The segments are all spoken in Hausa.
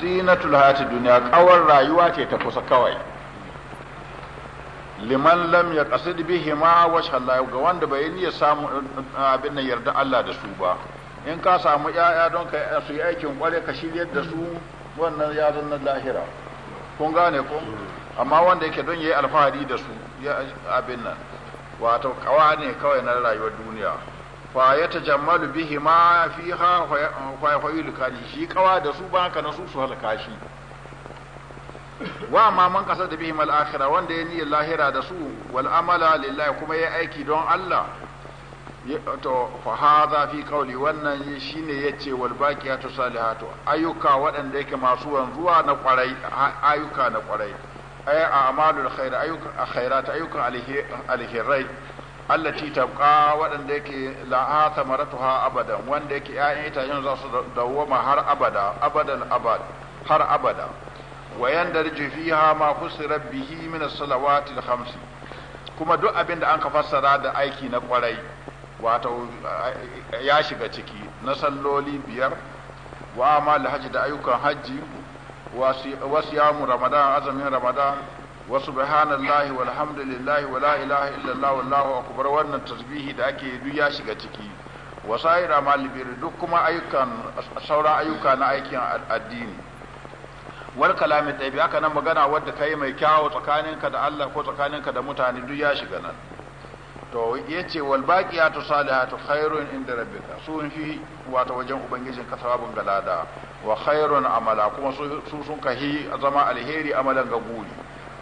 zinatul hayati duniya kawar rayuwa ce ta kusa kawai liman lam ya bihi ma wa ga wanda bai niyya samu uh, abin nan yarda Allah da su ba in ka samu yaya don ka su yi aikin kware ka shiryar da su wannan zan na lahira kun gane ko amma wanda yake don yayi alfahari da su abin nan wato kawa ne kawai na rayuwar duniya fa ya tajammalu bihi ma fiha fa yuhil kali shi kawa da su ba kana su su halaka wa ma man kasa da bihi mal akhirah wanda ya niyyar lahira da su wal lillahi kuma ya aiki don Allah to fa hadha fi qawli wannan shine yace wal baqiyatu salihatu ayyuka waɗanda yake masu wanzuwa na kwarai ayyuka na kwarai ay a'malul khair ayyuka khairat ayyukan alhirai allati tabqa waɗanda yake la'a thamaratuha abadan wanda yake ƴaƴan itacen za su dawwama har abada abadan abad har abada wa yandarju fiha ma fusira bihi min as-salawati al-khams kuma duk abin da an ka fassara da aiki na kwarai wato ya shiga ciki na salloli biyar wa amal hajji da ayyukan hajji wa siyamu ramadan azumin ramadan wa subhanallahi walhamdulillahi wala ilaha illallah wallahu akbar wannan tasbihi da ake yi duk ya shiga ciki wa sa'ir amal duk kuma ayyukan saura ayyuka na aikin addini wal kalami tabi aka nan magana wadda kai mai kyawu tsakaninka da Allah ko tsakaninka da mutane duk ya shiga nan to yace wal baqiyatu salihatu khairun inda rabbika sun fi wato wajen ubangijin ka sababun galada wa khairun amala kuma su sun kahi zama alheri amalan ga guri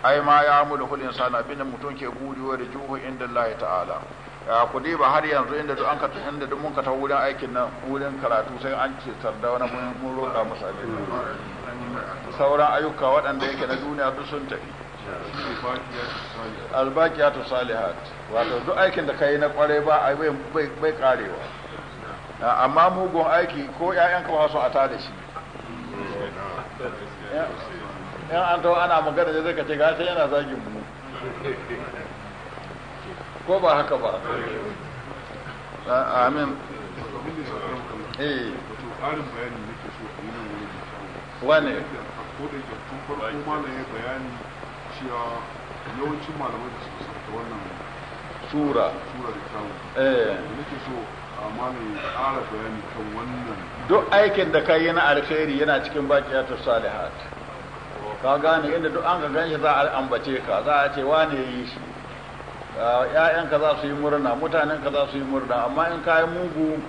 ai ma ya mulu hul insana bin mutum ke gudiwa da juhu inda Allah ta'ala ku ba har yanzu inda duk an ka inda duk mun ka ta wurin aikin nan wurin karatu sai an ce tarda wani mun roƙa masa abin sauran ayyuka waɗanda yake na duniya duk sun tafi albaqiyatu salihat wato duk aikin da kai na kware ba ai bai bai karewa amma mugun aiki ko ƴaƴanka ba su ata da shi in an to ana magana zai kace gashi yana zagin mu ko ba haka ba amin eh to karin bayani nake so a yi nan wurin da wane a kodin da tun farko ma ne bayani cewa yawancin malamai da suka sarta wannan sura sura da kawo eh nake so amma ne ya ƙara bayani kan wannan duk aikin da ka yi na alkhairi yana cikin baƙiyatus salihat ka gane inda duk an ka ganshi za a ambace ka za a ce wane yi shi ‘ya'yanka za su yi murna mutanenka za su yi murna amma in kayan mugu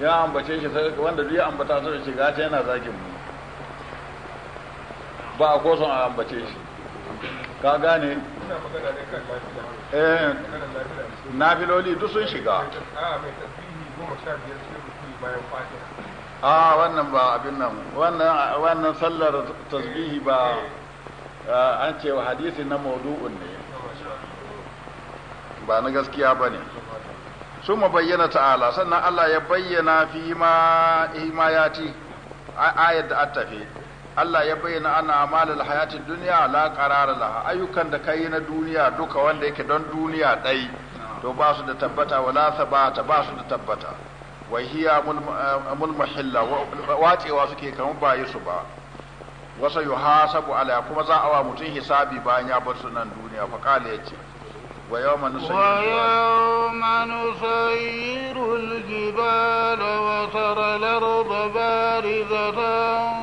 ya ambace shi wanda duk ya ambata su da shi gata yana zagin mu ba a koson a ambace shi ka gane eh na filoli duk sun shiga bayan fatiha a ah, wannan ba abin nan wannan sallar tasbihi ba eh, an ce wa hadisi na maudu'un ne ba na gaskiya ba ne su bayyana ta'ala sannan Allah ya bayyana fi ma himayati ayat da attafe Allah ya bayyana ana amalul hayatin duniya la qarara laha ayyukan da kai na duniya duka wanda yake don duniya ɗai, to ba su da tabbata wala sabata ba su da tabbata wa hiya mulmuhilla wacewa suke kamar bayi su ba wasa yuhasabu ala kuma za a wa mutum hisabi bayan ya bar su nan duniya fa kala yace wa yawma nusayyiru wa yawma nusayyiru al-jibala wa tara al-arda barizatan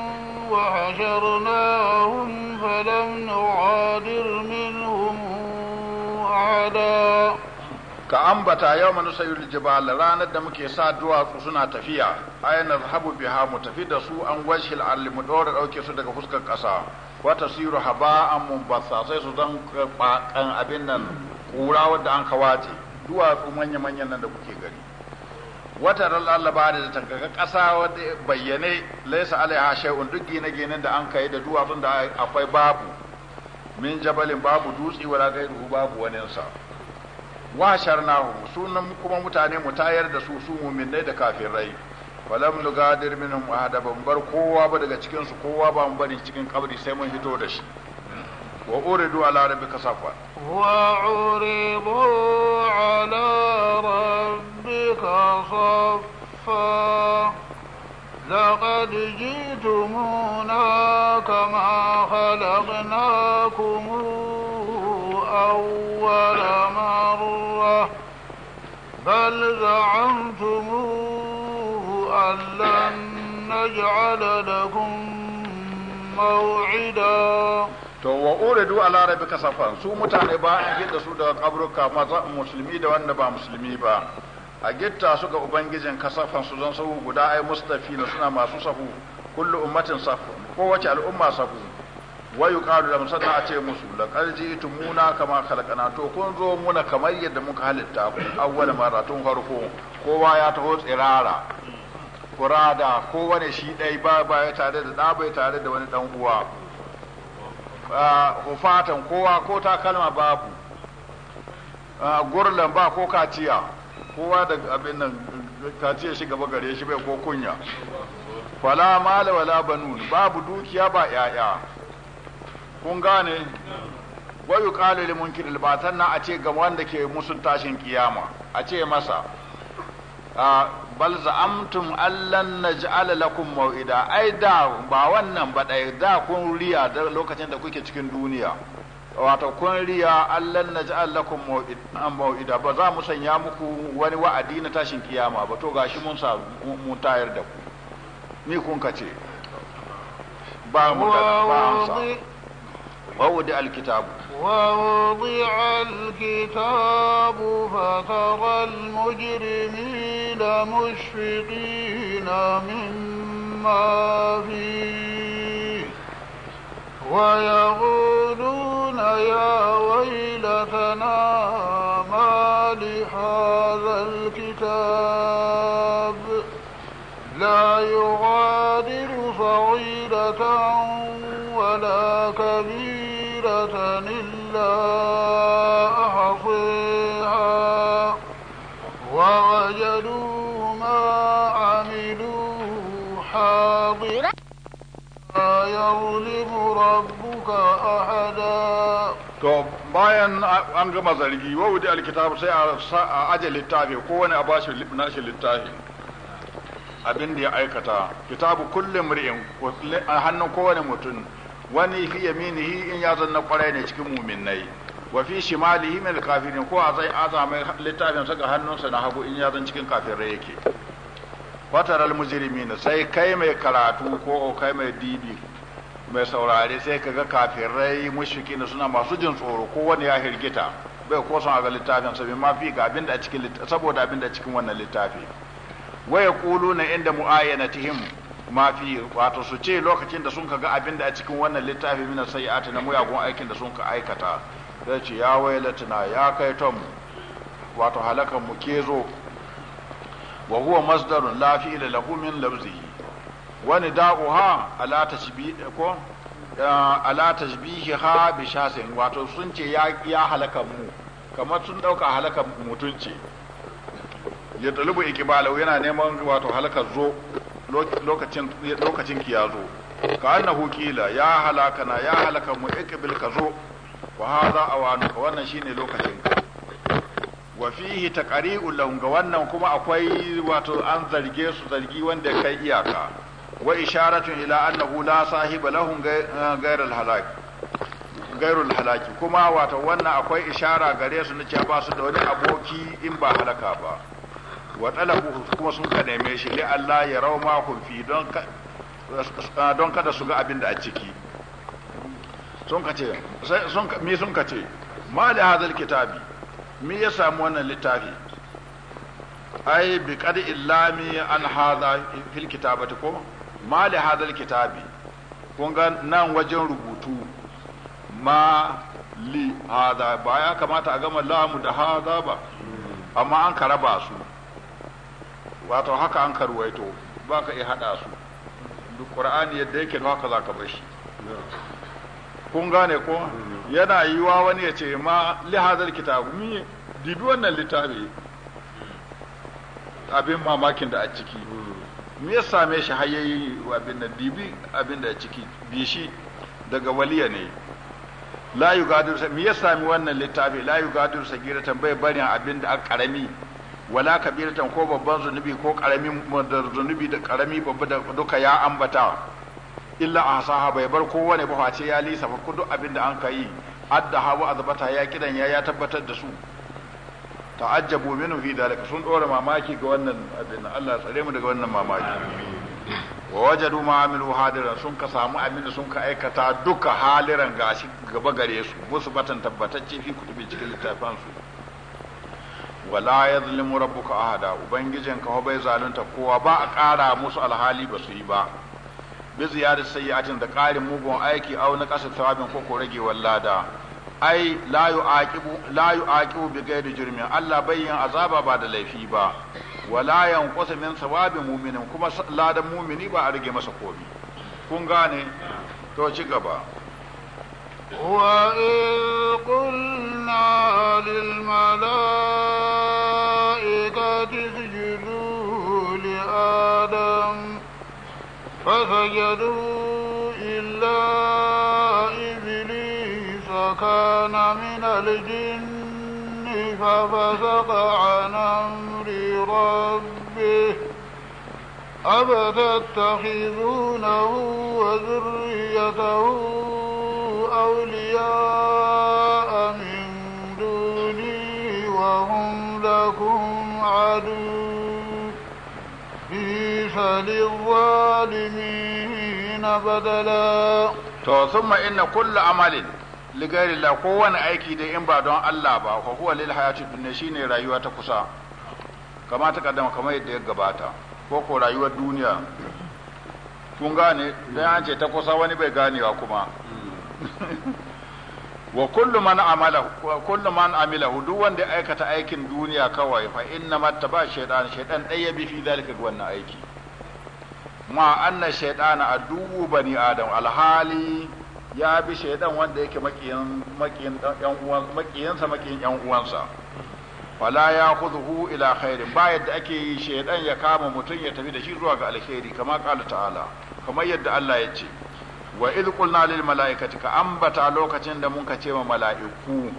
wa hasharnahum falam nu'adir min ka ambata yau manu sayu jibal ranar da muke sa duwatsu suna tafiya ai na zahabu biha mu tafi da su an gwashil alli mu dora dauke su daga fuskar kasa wa tasiru an mumbasa sai su dan kan abin nan kura wanda an kawace duwatsu manya manyan nan da kuke gani wata lallaba da tangaga kasa wanda bayyane laisa alaiha shay'un duk gine-ginen da an kai da duwatsun da akwai babu min jabalin babu dutse wala gairu babu waninsa wa sharnahu sunan kuma mutane mu tayar da su su mu'minai da kafirai falam lugadir minhum ahada ban bar kowa ba daga cikin su kowa ba mu bari cikin kabri sai mun hito da shi wa uridu ala rabbika safa wa uridu ala rabbika safa لقد جئتمونا كما خلقناكم أول بل زعمتم أن لن نجعل لكم موعدا to wa uridu ala rabbika su mutane ba a gidda su daga kabruka maza musulmi da wanda ba musulmi ba a gitta su ga ubangijin kasafan su zan sahu guda ai mustafina suna masu sahu kullu ummatin safu kowace al'umma safu wayu yuqalu da sanna a ce musu laqad ji'tumuna kama khalaqana to kun zo muna kamar yadda muka halitta ku awwal maratun farko kowa ya taho tsirara kurada kowane shi dai ba ba ya tare da da ya tare da wani dan uwa hufatan kowa ko takalma babu gurlan ba ko kaciya kowa da abin nan kaciya shi gaba gare shi bai ko kunya fala mala wala banun babu dukiya ba yaya kun gane wa yuqalu lil munkir al batan na a ga wanda ke musun tashin kiyama a ce masa bal za'amtum allan naj'al lakum maw'ida ai da ba wannan ba dai da kun riya da lokacin da kuke cikin duniya wato kun riya allan naj'al lakum maw'ida ba za mu sanya muku wani wa'adi na tashin kiyama ba to gashi mun sa mu tayar da ku ni kun kace ba mu da ba ووضع الكتاب ووضع الكتاب فترى المجرمين مشفقين مما فيه ويقولون يا bayan an gama zargi wa wudi alkitabu sai a aje littafi ko wani a bashi nashi littafi abin da ya aikata kitabu kullum mri'in a hannun kowane mutum wani fi yaminihi in ya zanna kwarai ne cikin muminai wa fi shimalihi min kafirin ko a zai azamai littafin saka hannunsa na hagu in ya zan cikin kafirai yake fataral mujrimina sai kai mai karatu ko kai mai dibi mai saurare sai ka ga kafirai mushriki da suna masu jin tsoro ko wani ya hirgita bai ko son ga littafin sabi ma fi ga abinda a cikin saboda abinda a cikin wannan littafi waya kulu na inda mu'ayyanatihim ma fi wato su ce lokacin da sun ga abinda a cikin wannan littafi mina sayyati na muyagun aikin da sun ka aikata zai ce ya wailatuna ya kai tom wato halakan mu ke zo wa huwa masdarun la fi'ila lahu min lafzihi wani da'uha ala tashbi ko ala bi shasin wato sun ce ya ya halaka mu kamar sun dauka halaka mutunci ya talubu ikibalau yana neman wato halakar zo lokacin lokacin ki ya zo ka annahu kila ya halaka na ya halaka mu ikbil ka zo wa hadha ka wannan shine lokacin ka wa fihi taqari'u lahum ga wannan kuma akwai wato an zarge su zargi wanda kai iyaka wa isharatun ila annahu la sahiba lahum ghayrul halaki kuma wato wannan akwai ishara gare su na cewa ba su da wani aboki in ba halaka ba wa kuma sun ka neme shi li Allah ya rauma kun fi don kada su ga abin a ciki sun ka ce sun sun ka ce ma da hadal kitabi mi ya wannan littafi ai bi qad illami an hadha ko ma li hadal kitabi kun ga nan wajen rubutu ma li hada ba ya kamata a gama lamu da hada ba amma an ka raba su wato haka an ka ruwaito ba ka iya hada su duk qur'ani yadda yake haka za ka bar shi kun gane ko yana yiwa wani ya ce ma li hadal kitabu mi dibi wannan littafi abin mamakin da a ciki me ya same shi hayayi yayi abin da dibi abin da ciki bishi daga waliya ne la yugadiru me ya sami wannan littafi la yugadiru sagiratan bai barin abin da karami wala kabiratan ko babban zunubi ko karamin zunubi da karami babba da duka ya ambata illa a ahsaha bai bar kowane ba face ya lisa fa kudu abin da an kai adda hawa azbata ya kidan ya ya tabbatar da su ta'ajjabu minhu fi dalika sun dora mamaki ga wannan abin Allah tsare mu daga wannan mamaki wa wajadu ma amilu hadiran sun ka samu abin da sun ka aikata duka haliran gashi gaba gare su musu batan tabbatacce fi kutubi cikin littafan su wala yadhlimu rabbuka ahada ubangijin ka bai zalunta kowa ba a ƙara musu alhali ba su yi ba bi ziyarar sayyatin da ƙarin mugun aiki au na ƙasa tawabin ko ko ragewar lada ai la yu'aqibu la bi ghairi jurmin Allah bai azaba ba da laifi ba wala yanqusu min thawabi mu'minin kuma ladan mu'mini ba a rage masa komi kun gane to ci gaba وإذ قلنا للملائكة اسجدوا لآدم فسجدوا من الجن ففسق عن أمر ربه أفتتخذونه وذريته أولياء من دوني وهم لكم عدو بئس للظالمين بدلا ثم إن كل عمل ligari la kowane aiki dai in ba don Allah ba fa huwa lil hayati dunya shine rayuwa ta kusa kama ta kaddama kamar yadda ya gabata ko ko rayuwar duniya kun gane dan an ce ta kusa wani bai ganewa kuma wa kullu man amala kullu man amila duk wanda aikata aikin duniya kawai fa inna mattaba shaytan shaytan dai ya bi fi dalika wannan aiki ma anna shaytana adu bani adam alhali ya bi shaidan wanda yake makiyin makiyin yan uwan makiyinsa makiyin yan uwansa fala ya'khudhu ila khairin ba yadda ake yi shaidan ya kama mutum ya tafi da shi zuwa ga alkhairi kama qala ta'ala kamar yadda Allah ya ce wa idh qulna lil mala'ikati ka ambata lokacin da mun ka ce wa mala'iku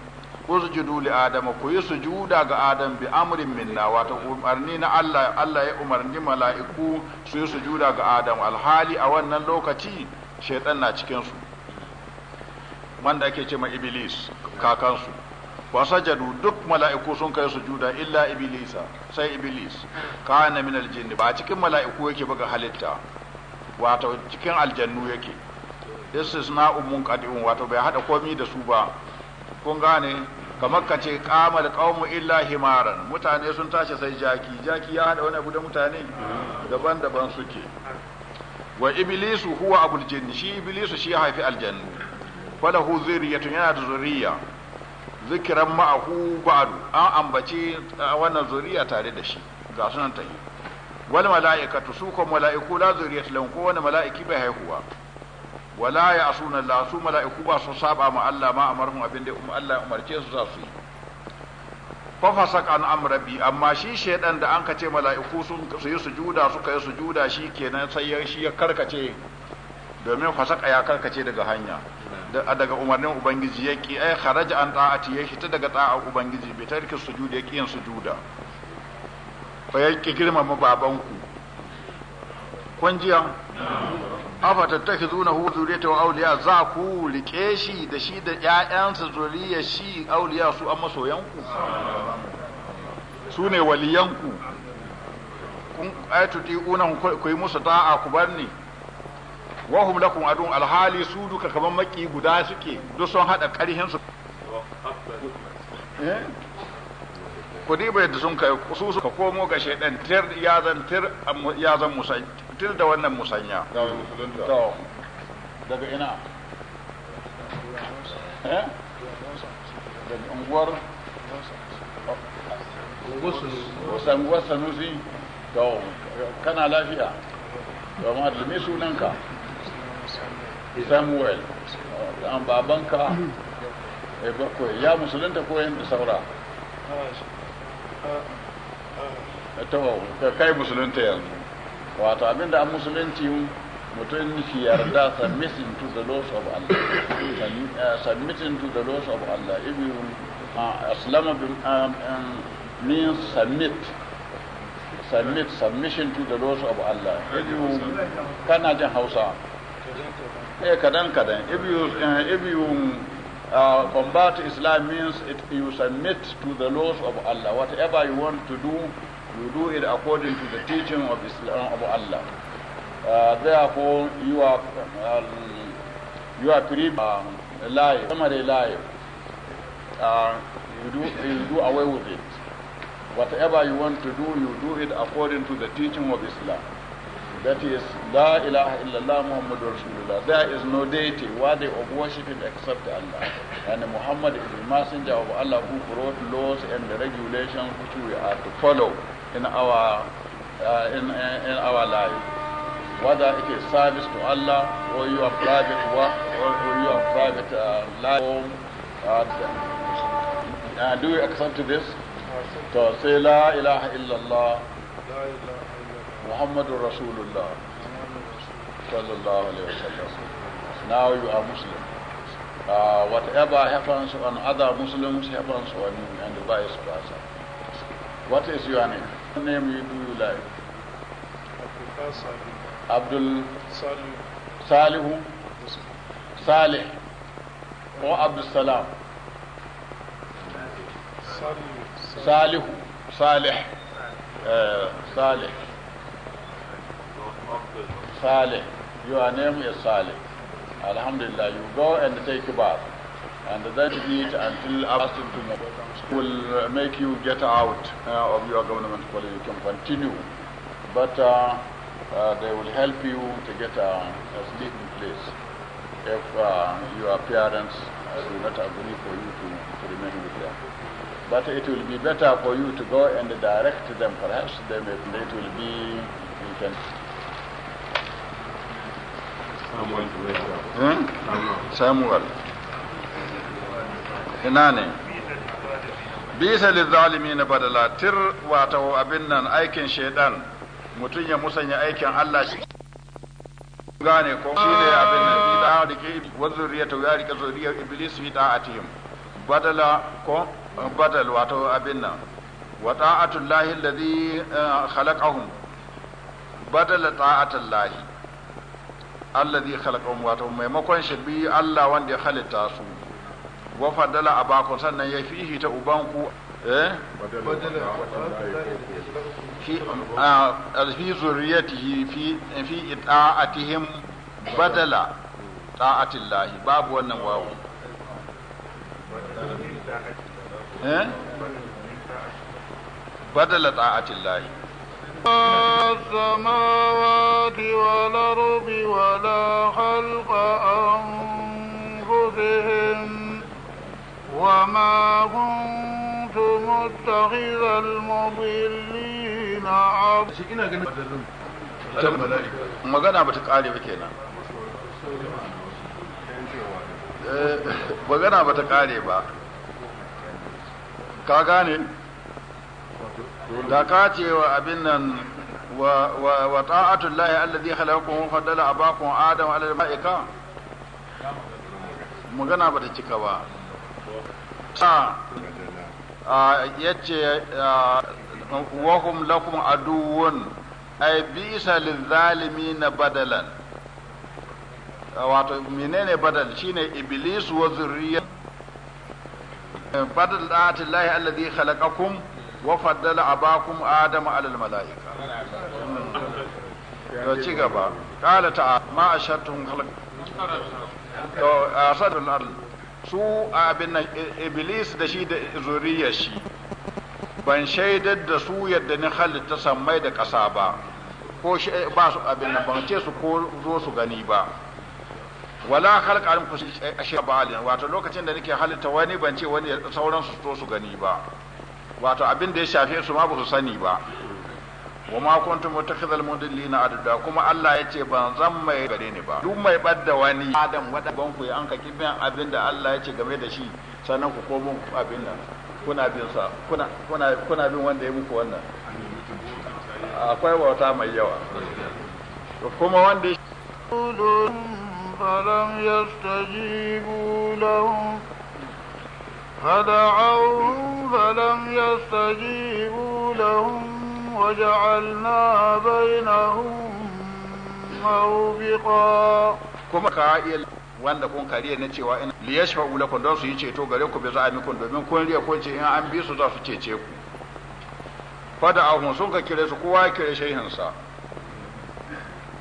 usjudu li adama ku yi sujuda ga adam bi amrin minna wata umarni na Allah Allah ya umarni mala'iku su yi sujuda ga adam alhali a wannan lokaci shaidan na cikinsu. wanda ake ce ma iblis kakansu Wasajadu duk mala'iku sun kai sujuda illa iblisa sai iblis kana min aljin ba cikin mala'iku yake ba ga halitta wato cikin aljannu yake istisna umun qad'un wato bai hada komi da su ba kun gane kamar ka ce qamal qaumu illa himaran mutane sun tashi sai jaki jaki ya hada wani abu da mutane daban-daban suke wa iblisu huwa abul jinn shi iblisu shi ya haifi aljannu falahu zuriyatun yana da zuriya zikiran ma'ahu ba'du an ambaci wannan zuriya tare da shi ga sunan Wani mala'ika tu su ko mala'iku la zuriyatu lan ko wani mala'iki bai haihuwa wala ya asuna Allah su mala'iku ba su saba ma Allah ma amarhum abinda um-, Allah umarce su za su yi fa fasaq an amrabi amma shi shedan da an kace mala'iku sun su yi sujuda suka yi sujuda shi kenan sai shi ya karkace domin fasaka ya karkace daga hanya daga umarnin ubangiji ya ki ai kharaja an ta'ati ya ta daga ta'a ubangiji bai tarki sujudi ya ki yin sujuda fa ya ki girmama ku kun jiya afa tattakhizuna hu zuriyata wa awliya za ku rike shi da shi da ƴaƴansa zuriya shi awliya su amma soyanku su ne waliyanku kun ayatu unan ku yi musu ta'a ku barni wa hum lakum adun alhali su duka kaman maki guda suke duk sun hada karhin su eh? ku bai yadda sun kai su Ka komo ga shaidan tir ya zan tir ya zan musanya tir da wannan musanya daga ina eh? daga unguwar unguwar sanusi to kana lafiya to ma sunan ka samuel an babanka ya eh, bakwai ya musulunta ko yin da saura ta kai musulunta yanzu wato abinda an musulunci mutum shi yarda submitting to the laws of Allah eh, submitting to the laws of Allah if you uh, Islam um, um, means submit submit submission to the laws of Allah if you kana jin Hausa kadan-kadan. Eh, eh, if you, uh, if you uh, combat Islam means it, you submit to the laws of Allah. Whatever you want to do, you do it according to the teaching of Islam of Allah. Uh, therefore, you are um, you are pre um, alive, somebody alive. Uh, you do you do away with it. Whatever you want to do, you do it according to the teaching of Islam. That is, La ilaha illallah Muhammadur Rasulullah. There is no deity worthy of worshiping except Allah. And Muhammad is the messenger of Allah who brought laws and regulations which we are to follow in our, uh, in, uh, in our life whether it is service to Allah or your private work or, your private uh, life. Uh, do you accept this? To so say La ilaha illallah. Muhammadun Rasulullah sallallahu alaihi wasallam. Now you are Muslim. Uh, whatever happens on other Muslims happens on you and vice versa. What is your name? What name you do you like? Abdul Salih Salih. Or Abdul Salam. Salihu. Salih. Salih. Salih. Uh, Saleh. Your name is Saleh. Alhamdulillah, you go and take a bath. And then eat until after to will make you get out uh, of your government college. You can continue. But uh, uh, they will help you to get a, a sleeping place if uh, your parents do not agree for you to, to remain with them. But it will be better for you to go and direct them. Perhaps they may, it will be, you can samuwal hmm? ina ne bisa lizalimi na badala tir wato abin nan aikin shaidan mutum ya musanya aikin Allah shi gane ko shi ne abin nan bi da rike wa zuriyatu ya rike zuriyar iblis fi da'atihim badala ko badal wato abin nan wa ta'atullahi alladhi eh, khalaqahum badala ta'atullahi allazi khalaqahum wato maimakon shi bi Allah wanda ya halitta su wa fadala abakum sannan ya fihi ta ubanku eh fi fi zuriyatihi fi fi ita'atihim badala ta'atillahi babu wannan wawu eh badala ta'atillahi السماوات والأرض ولا خلق أنفسهم وما كنت متخذ المضلين عبدا magana ba ta kare ba kenan magana ba ta kare ba ka gane da ka cewa abin nan wa ta'atul lahi alladhi khalaqakum faddala abakum adam ala al-mala'ika magana ba ta cika ba a yace wa wato menene badal shine iblis wa zurriya badal ta'atul lahi alladhi khalaqakum wa faddala abakum adama alal mala'ika to ci gaba qala ta ma a ashatum khalq to asadul ard su abin iblis da shi da zuriyar shi ban shaidar da su yadda ni halitta sammai da ƙasa ba ko ba su abin nan ban ce su ko zo su gani ba wala halka an kusa ashe ba halin wato lokacin da nake halitta wani ban ce wani sauran su zo su gani ba wato abin da ya shafe su ma ba su sani ba wa ma kuntum mutakhidhal mudillina adada kuma Allah ya ce ban zan mai gare ni ba duk mai badda wani adam wada ban ku an ka kibin abin da Allah ya ce game da shi sannan ku komo abin nan kuna bin sa kuna kuna kuna bin wanda ya muku wannan akwai wata mai yawa kuma wanda ya فلم يستجيبوا لهم فدعوهم فلم يستجيبوا لهم وجعلنا بينهم موبقا kuma ka iya wanda kun kariya na cewa ina li yashfa'u lakum don su yi ceto gare ku bi miku domin kun riya ko ce in an bi su za su cece ku fada ahun sun ka kire su kowa kire shehin sa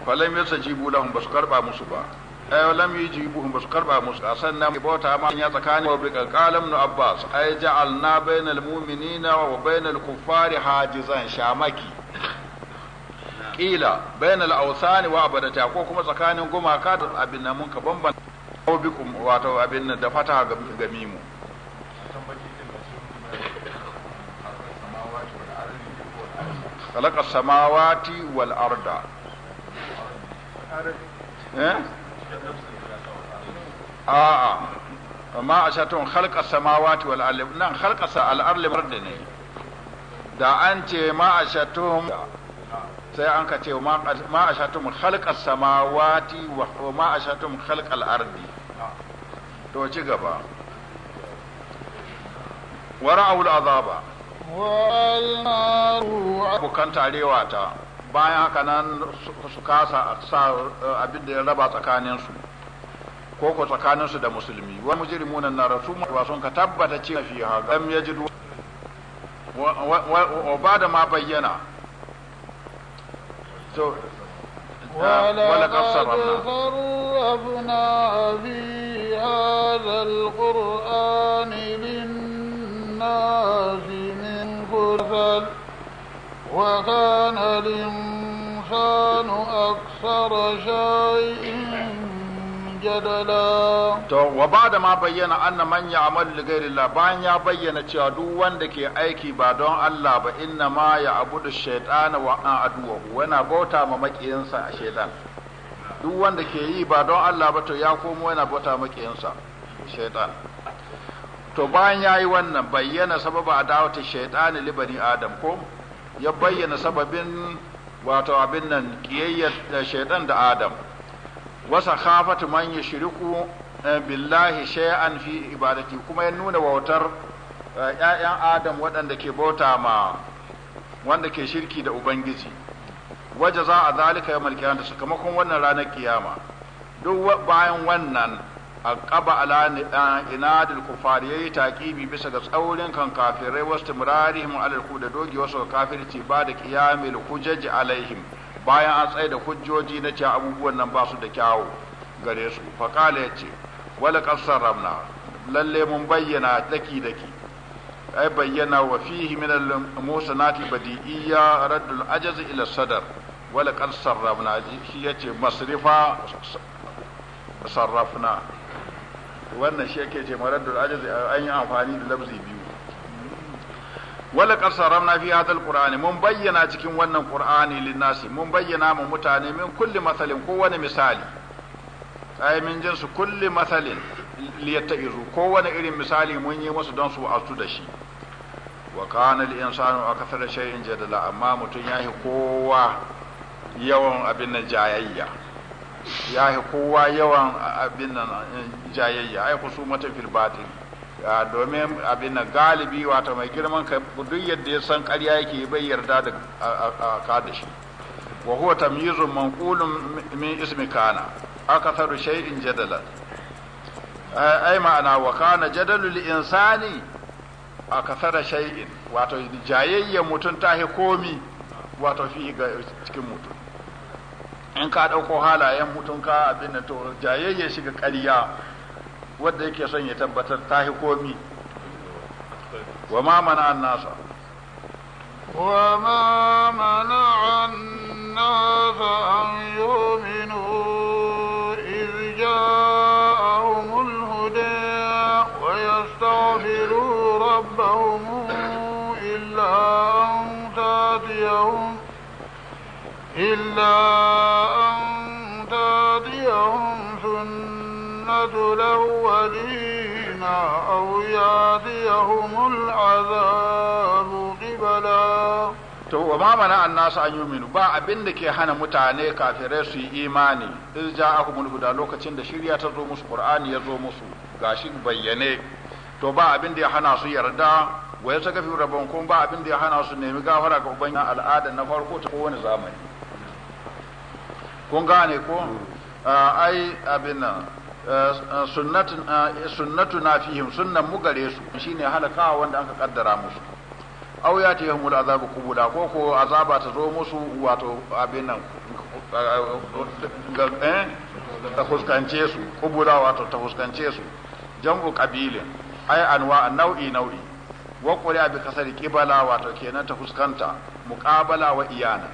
falam yasajibu lahum basu karba musu ba ay lam yujibuhum bas karba musu sannan bauta ma ya tsakanin wa bika qalam nu abbas ay ja'alna bainal mu'minina wa bainal kuffari hajizan shamaki kila bainal awsani wa abadata ko kuma tsakanin gumaka da abin nan mun ka bambanta ko bikum wato abin da fata ga mimu خلق السماوات والأرض. أه؟ a'a ma a shatun halka samawati wal arli nan halka al arli da ne da an ce ma a shatun sai an ka ce ma a shatun halka samawati wa ma a shatun halka al ardi to ci gaba wara'ul azaba wal maru tarewa ta bayan haka nan su kasa sa eh, abin da ya raba tsakaninsu ko ko tsakaninsu da musulmi wani mujrimuna na rasu ba sun ka tabbata cewa fi ha gam yajid wa ba da ma bayyana to wala kasarna fi hadha alquran lin وكان الإنسان أكثر شيء jadala to wa ba da ma bayyana anna man ya'mal li ghairi Allah bayan ya bayyana cewa duk wanda ke aiki ba don Allah ba inna ma ya abudu shaytana wa an aduwahu Wana bauta ma makiyinsa a shaytan duk wanda ke yi ba don Allah ba to ya komo yana bauta a shaytan to bayan ya yi wannan bayyana sababa adawati shaytani li libani adam ko ya bayyana sababin wato abin nan kiyayyar da shaidan da adam wasa khafatu man yashriku eh, billahi shay'an fi ibadati kuma ya nuna wautar eh, ƴaƴan adam waɗanda ke bauta ma wanda ke shirki da ubangiji waje za a zalika yawmal qiyamah sakamakon wannan ranar kiyama duk bayan wannan aqaba ala inadil kufari yayi taqibi bisa ga tsaurin kan kafirai wasu murarihim ala da dogi wasu kafirci ba da qiyamil hujaj alaihim bayan an tsaye da hujjoji na cewa abubuwan nan ba su da kyawu gare su fa yace wala qasarramna lalle mun bayyana daki daki ay bayyana wa fihi min al musanati badi'iyya raddul ajaz ila sadar wala qasarramna shi yace masrifa sarrafna wannan shi yake ce maradul ajiz eh, an yi amfani da labzi biyu wala qasaram na fi hadal mun bayyana cikin wannan qur'ani linnasi mun bayyana mu mutane min kulli masalin ko wani misali ai min jinsu kulli masalin liyattaizu ko wani irin misali mun yi musu don su asu da shi wa kana al insanu akthara shay'in jadala amma mutun yahi kowa yawan abin jayayya ya yi kowa yawan abin nan eh, jayayya ai ku mata fil batil domin abin nan galibi wata mai girman ka duk yadda ya san karya yake bai yarda da ka da shi wa huwa tamyizun manqulun min ismi kana akatharu shay'in jadala eh, ai ma'ana wa kana jadalul insani akathara shay'in wato jayayya mutun tahi komi wato fi ga cikin mutum in ka ɗauko halayen mutunka, abin da to jayayya shiga ƙarya wadda yake son ya tabbatar ta hi komi wa ma mana nasa wa ma mana nasa an yuminu iz ja'ahum al-huda wa illa an أو يأتيهم العذاب قبلا to wa ma mana annasu an yuminu ba abin da ke hana mutane kafirai su yi imani in ja aku ja'akumul huda lokacin da shirya ta zo musu qur'ani ya zo musu gashi bayyane to ba abin da ya hana su yarda wa ya saka fi rabon kun ba abin da ya hana su nemi gafara ga ubangi al'ada na farko ta kowane zamani kun gane ko hmm. ah, ai abin nan Eh, eh, eh, na fihim sunnan mu gare su shine halakawa wanda ka kaddara musu au ya ta yahmul azabu kubula ko ko azaba ta zo musu wato abin nan ta huskance su kubula wato ta huskance su jam'u qabilin ay anwa nau'i nau'i wa qura bi kasar qibala wato kenan ta huskanta muqabala wa iyana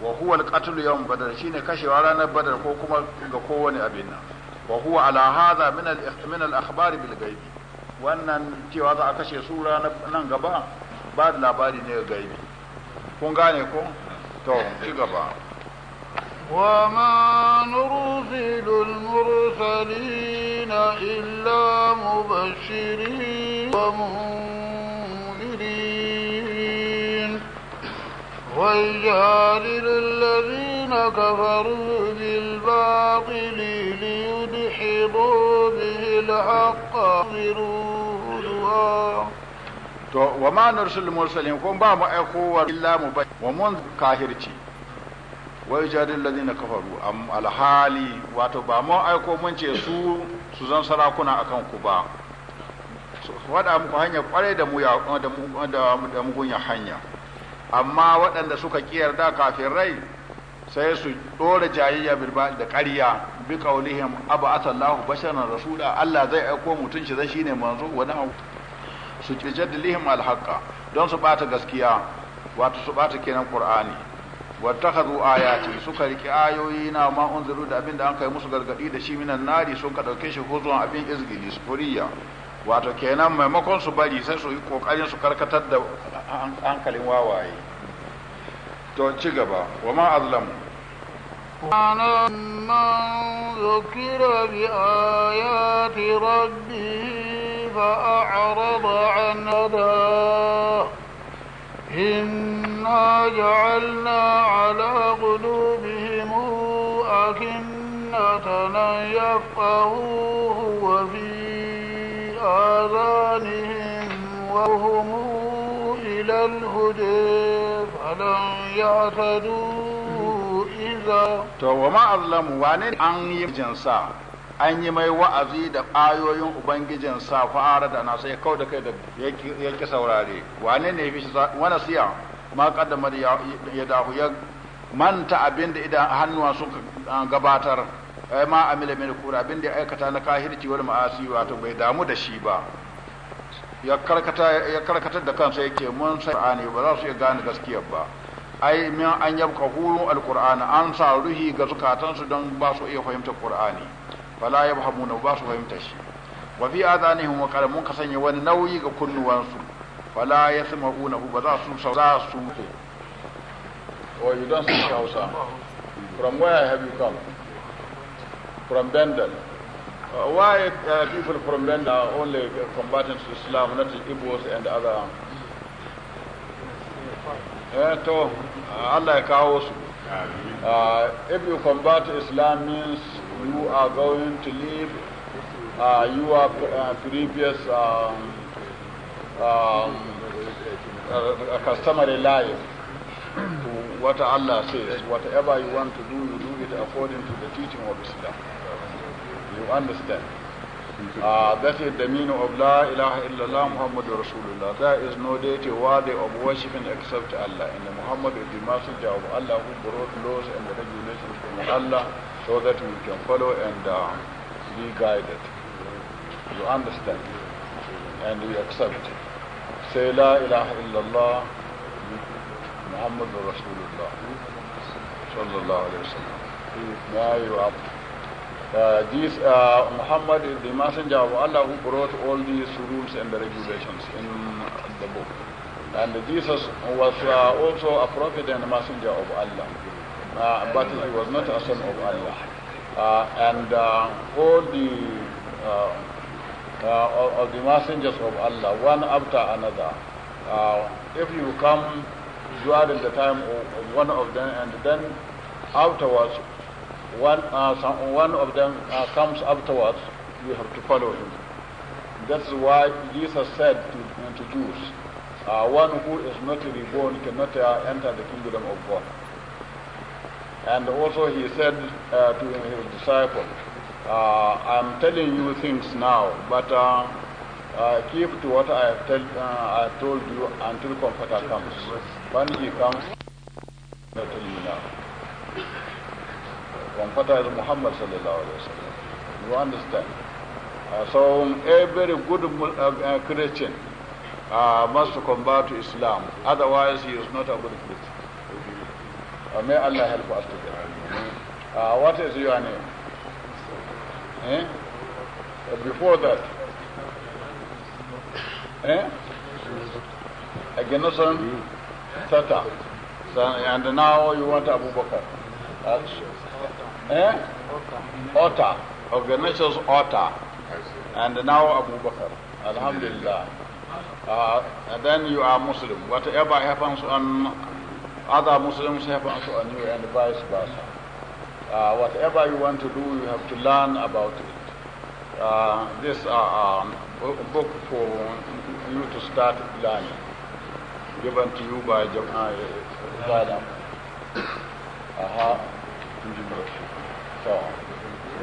wa huwa al-qatl yawm badar shine kashewa ranar badar ko kuma ga kowane abin nan wa huwa ala hadha wannan cewa za a kashe su nan gaba ba da labari ne ga gaibi kun وما نرسل المرسلين إلا مبشرين ومنذرين الذين الذين كفروا بالباطل ليدحضوا به الحق to wa ma nursul mursalin kun ba mu aikowa illa mu ba wa mun kahirci wa yujadil ladina kafaru am alhali wato ba mu aiko mun ce su su zan sarakuna akan ku ba faɗa muku hanya kwarai da mu da mugunya hanya amma waɗanda suka ƙiyar da kafin rai sai su dora jayayya birba da ƙarya bi kaulihim aba atallahu basharan rasula Allah zai aiko mutun shi zai shine manzo wani su jaddalihim alhaqa don su bata gaskiya wato su bata kenan qur'ani wattakhadhu ayati suka riki ayoyi na ma unziru da abin da an kai musu gargadi da shi minan nari sun ka dauke shi huzuwan abin izgili suriya wato kenan maimakon su bari sai su yi kokarin su karkatar da hankalin wawaye وما ci gaba أنا من ذكر بآيات ربه فأعرض عن هداه إنا جعلنا على قلوبهم أكنة أن يفقهوه وفي آذانهم وهم إلى الهدي يهتدوا إذا تو وما أظلم an yi jinsa an yi mai wa'azi da ayoyin ubangijin sa fara da na sai kawai da kai da yake saurare wane ne fi wani siya ma kaddamar ya dahu ya manta abin da idan hannuwa suka gabatar ai ma amila mai kura abin da aikata na kahirci wani ma'asi wato bai damu da shi ba ya karkatar da kansa yake mun sai ba za su iya gane gaskiyar ba ai min an yabka hurun alqur'ana an sa ruhi ga zukatansu don ba su iya fahimtar qur'ani fala yabhamuna ba su fahimta shi wa fi adanihim wa qalamun ka sanya wani nauyi ga kunnuwansu fala yasma'unahu ba za su saura su ko or oh, you don't speak Hausa from where have you come from Bendel uh, why uh, people from Bendel are only combatants to Islam not ibos and other eh to Allah ya kawo su uh, if you convert Islam means you are going to leave uh, eh, your uh, eh, previous um, um, uh, customary life to what Allah says. Whatever you want to do, you do it according to the teaching of Islam. You understand? Uh, that is the meaning of La ilaha illallah Muhammadur Rasulullah. There is no deity worthy of worshipping except Allah. And Muhammad is the messenger of Allah who brought laws and regulations from Allah so that we can follow and uh, be guided. You understand? And we accept. Say La ilaha illallah Muhammadur Rasulullah. Sallallahu alayhi wa Now you are uh, these, uh, Muhammad is the messenger of Allah who brought all these rules and the regulations in the book. And Jesus was uh, also a prophet and a messenger of Allah, uh, but he was not a son of Allah. Uh, and uh, all the all the messengers of Allah, one after another, if you come during the time of one of them, and then afterwards one, uh, some, one of them uh, comes afterwards, you have to follow him. That's why Jesus said to, uh, to Jews, uh, one who is not reborn cannot uh, enter the kingdom of God. And also he said uh, to his disciples, I'm telling you things now, but keep to what I have, tell, I told you until Comforter comes. When he comes, I'll tell you now from Muhammad sallallahu alayhi wa sallam. You understand? Uh, so um, every good uh, uh, Christian uh, must convert to Islam. Otherwise, he is not a good Christian. Uh, may Allah help us together. Uh, what is your name? Eh? Uh, before that, eh? Agenosan Tata. And now you want Abu Bakr. That's uh, Eh? Otter. Of the nation's otter. And now Abu Bakr. Alhamdulillah. Uh, then you are Muslim. Whatever happens on other Muslims happens on you and vice versa. Uh, whatever you want to do, you have to learn about it. Uh, this a uh, um, book for you to start learning, given to you by Japan. Uh, -huh.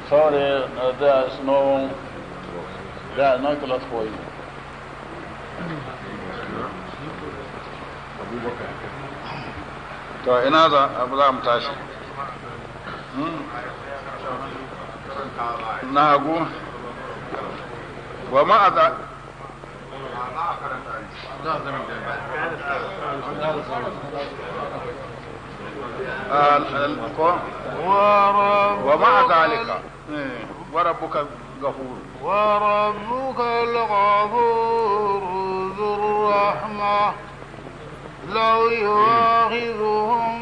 Sorry, uh, there is no, there are no glass for you. To ina za za mu tashi. Na hagu. Wa ma a ko وربك ومع ذلك إيه. وربك غفور وربك الغفور ذو الرحمة لو يؤاخذهم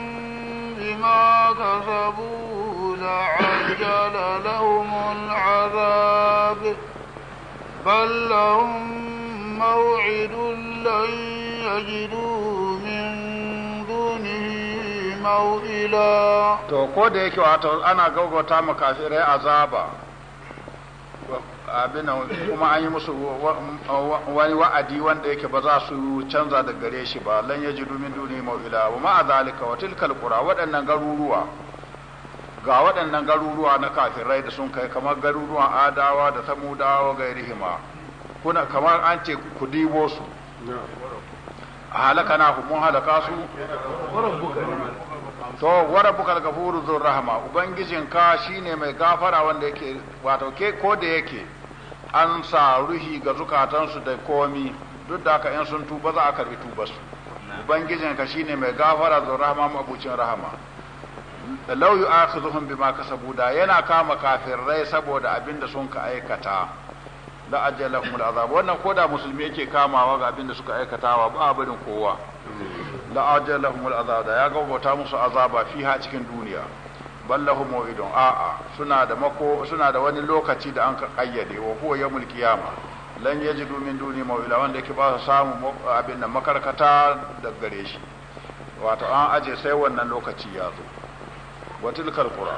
بما كسبوا لعجل لهم العذاب بل لهم موعد لن يجدوه ila to ko da yake wato ana gaugauta ma kafirai azaba abin kuma an yi musu wani wa'adi wanda yake ba za su canza da gare shi ba lan yajidu min duni ila wa ma'a zalika wa tilkal qura waɗannan garuruwa ga waɗannan garuruwa na kafirai da sun kai kamar garuruwan adawa da samudawa rihima kuna kamar an ce ku dibo su a halaka na mun halaka su to wa rabbukal ghafuru dhur rahma ka shine mai gafara wanda yake wato ke ko da yake an sa ruhi ga zukatansu da komi duk da haka in sun tuba za a karbi tuba su ubangijin ubangijinka shine mai gafara rahama rahma mabucin rahama law yu'akhidhuhum bima kasabu da yana kama kafirai saboda abinda sun ka aikata la ajalahum al'azab wannan koda musulmi yake kamawa ga abinda suka aikata wa ba abin kowa la'ajalahum al'azab da ya gabata musu azaba fiha cikin duniya ballahu maw'idun a'a suna da mako suna da wani lokaci da an ka kayyade wa huwa yawmul qiyama lan yajidu min duni maw'ila wanda yake ba su samu abin nan makarkata da gare shi wato an aje sai wannan lokaci ya zo wa tilkal qura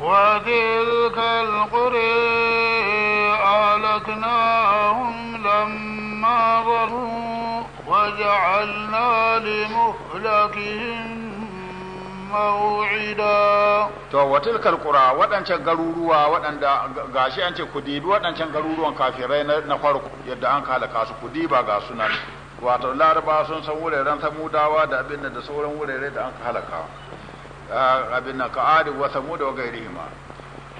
wa tilkal qura alaknahum lam ما ظلموا وجعلنا لمهلكهم mawu'ida to watilkal alqura waɗancan garuruwa waɗanda gashi an ce ku wadancan waɗancan garuruwan kafirai na farko yadda an halaka su kudiba ga sunan wato laraba sun san wuraren samudawa da abin da sauran wurare da an halaka ah, abin ka a'du wa samuda wa gairihima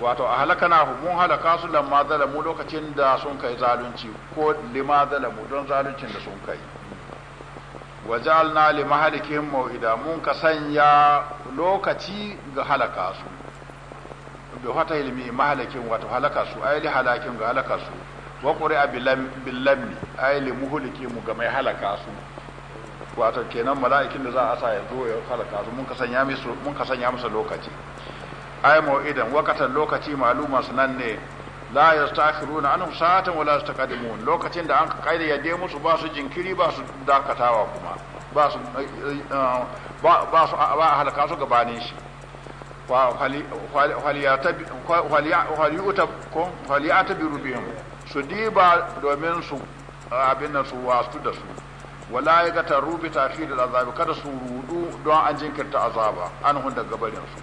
wato a na mun halaka su lamma zalamu lokacin da sun kai zalunci ko lima zalamu don zaluncin da sun kai waje ja'alna lima mahalikin ma'ida mun ka sanya lokaci ga halaka su da wata ilmi mahalikin wato halaka su a li halakin ga halaka su wa a bil lammi yi li muhliki mu ga mai halaka su wato kenan mala'ikin da za a sa ya zo ya halaka su mun ka sanya mun ka sanya musu lokaci ay mau'idan wakatan lokaci maluma sananne ne la yastakhiruna anhu sa'atan wala yastaqdimun lokacin da an kaida yade musu ba su jinkiri ba su dakatawa kuma ba su eh, eh, ba su ba halaka su gabanin shi wa faliyatabiru bihim su diba domin su abin nan su wasu da su wala ya ga tarubi tafi da azabi kada su rudu don an jinkirta azaba an hun daga barin su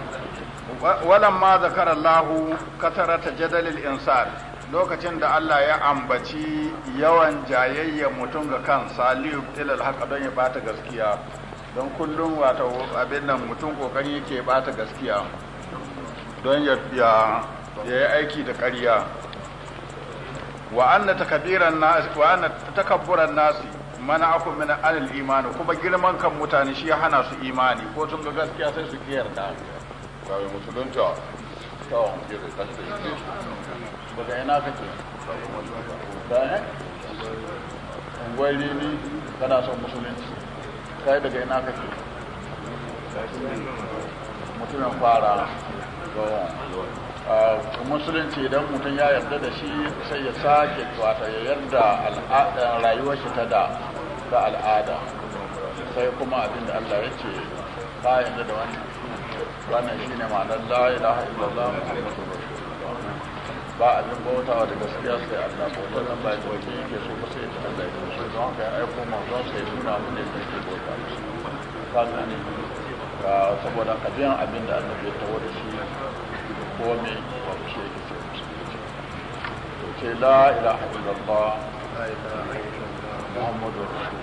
walamma zakara Allahu ta jadalil insan lokacin da Allah ya ambaci yawan jayayya mutum ga kan liyub ilal haka don ya bata gaskiya don kullum wata abin nan mutum kokari yake bata gaskiya don ya yi aiki da ƙarya wa anna takabbiran nas wa anna takabburan nas mana aku min al imani kuma girman kan mutane shi ya hana su imani ko sun ga gaskiya sai su kiyarta ta yi musulunta ta wa mu jere ta ce daga yana kake da ne unguwar kana son musulunci kai daga yana kake mutumin fara musulunci idan mutum ya yarda da shi sai ya sake wata ya yarda rayuwar shi ta da al'ada sai kuma abin da Allah ya ce ba yarda da wani kwanaki ne ma'anar la ilaha illallah muhammadu rasulullah ba abin bautawa da gaskiya sai Allah bautar nan ba da ke yake so ba sai da Allah ya so don haka ya aiko manzon sai nuna abin da yake bauta ba gane ka saboda ka biyan abin da annabi ya tawo da shi ko me ba ku shi yake ce to ce la ilaha illallah la ilaha illallah muhammadu rasulullah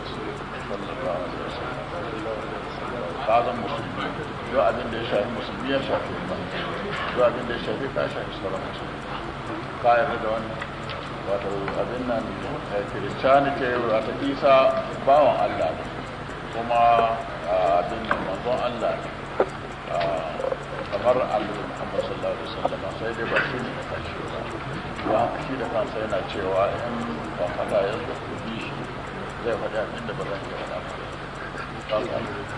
sallallahu alaihi wasallam ka zama yau abin da ya shafi musulmi ya shafi ba yau abin da ya shafi ka shafi sauran musulmi ka yarda da wannan wato abin nan kiristanite eh, wata isa bawan allah ne kuma ah, abin nan manzon allah ne ah, kamar allah muhammad sallallahu alaihi wasallam sai dai ba shi ne na kashi ba wa shi da kansa yana cewa in ba faɗa yanzu ku bi shi zai faɗi abin da ba zan yi faɗa ba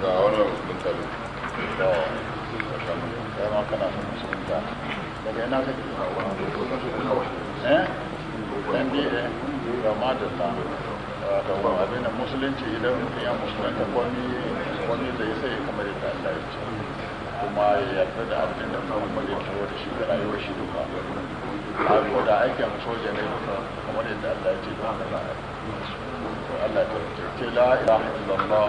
Eh? Eh. ga wani musulunta ne daga da musulunci idan ya musulunta komi da zai sai kamar ya ce kuma ya yarda da abin da Muhammad ya kawo da shi da shi duka ko da aikin soja ne duka kamar Allah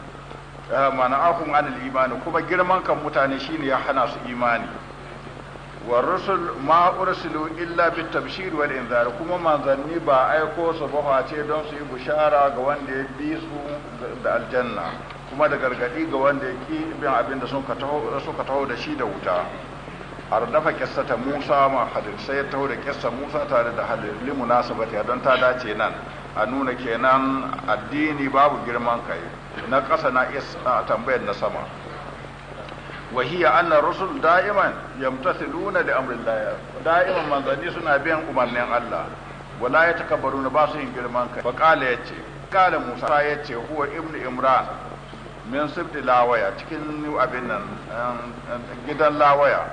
Eh, mana'ahum anil imani kuma girman kan mutane shine ya hana su imani wa rusul ma ursilu illa bit tabshir wal inzar kuma manzanni ba aiko su ba ce don su yi bushara ga wanda ya bi su da aljanna kuma da gargadi ga wanda ya ki bin abin da suka taho da shi da wuta har dafa kissata Musa ma hadir sai ya taho da kissa Musa tare da halin li munasabati don ta dace nan a nuna kenan addini babu girman kai na ƙasa na is tambayar na sama hiya anna rusul da'iman yamtathiluna da amrin laya da'iman manzanni suna biyan umarnin Allah wala ya takabbaru na ba su yin girman kai fa qala yace qala musa yace huwa ibnu imran min sibti lawaya cikin abin nan gidan lawaya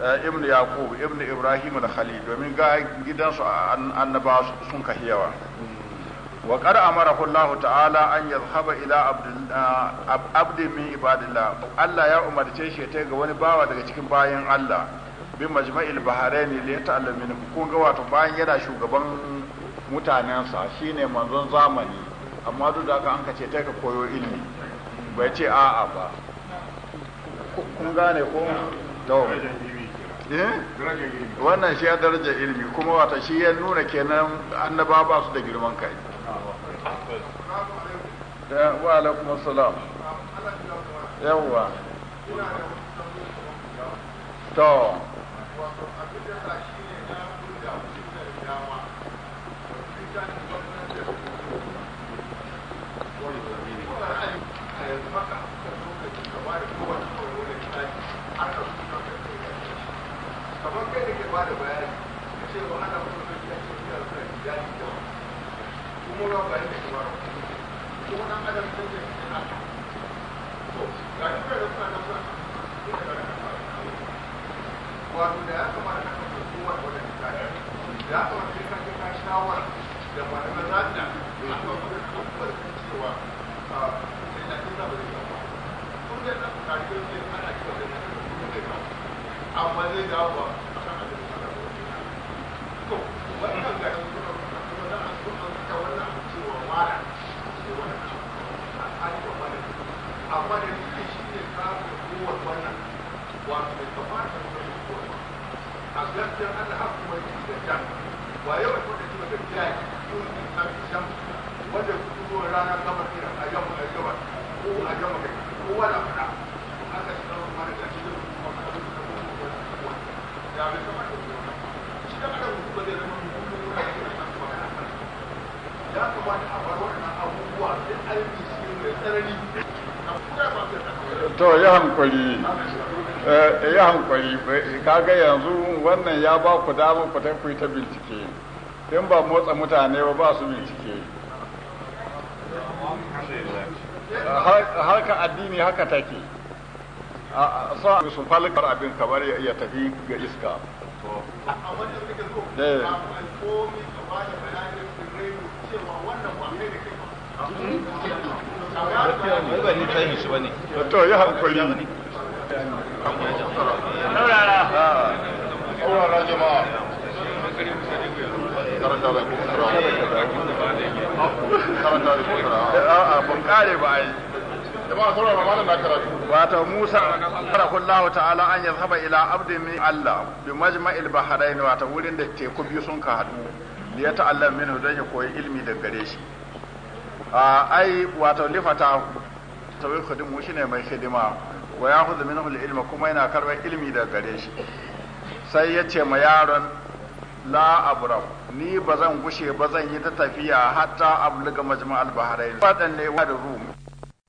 eh, ibn yaqub ibn ibrahim al khalil domin ga gidan su annaba sun kahiyawa wa qad amarahu Allah ta'ala an yadhhaba ila abdin min ibadillah Allah ya umarce shi ta ga wani bawa daga cikin bayan Allah bi majma'il baharain li ta'allam min kun ga wato bayan yana shugaban mutanensa shine manzon zamani amma duk da haka an kace ta ka koyo ilmi bai ce a'a ba kun gane ko to wannan shi ya daraja ilimi kuma wata shi ya nuna kenan annaba ba su da girman kai da wa alaikum assalam yawa to kamar kuma ba kuma dan adam sun ce to ga da kuma na kuma wato da ya da wannan tsari ya ka shawara da zata a kan kuma kuma cewa a da ba zai da da amma da duka shi ne samun kowar wannan wato bai kamata mu yi kowar a gaskiyar an haku mai da jan wa yau da kuma cewa da biya sun yi kafin shan wanda kuma rana gaba irin a yau a yau ko a yau da kowa da fada aka shi kawai mara da shi da kuma kawai da kuma da kuma da bai kamata mu yi shi da ana mutu zai zama mutum ne wanda ya kamata a bar wannan abubuwa da aiki shi mai tsanani to ya hankali eh, ya hankali kaga yanzu wannan ya ba ku dama ku ta ta bincike in ba motsa mutane ba ba su bincike harka addini haka take a su falkar abin kamar ya tafi ga iska eh. to ya hankali wato Musa barakallahu ta'ala an yazhaba ila abdin min Allah bi majma'il bahrain wato wurin da teku biyu sun ka hadu li ya ta'allam minhu dan ya koyi ilmi daga gare shi ai wato lifata tawil khudimu shine mai hidima wa ya'khudhu minhu al-ilma kuma yana karbar ilmi daga gare shi sai ya ce ma yaron la abrab ni ba zan gushe ba zan yi ta tafiya hatta abluga majma'al bahrain wadanne wa da rum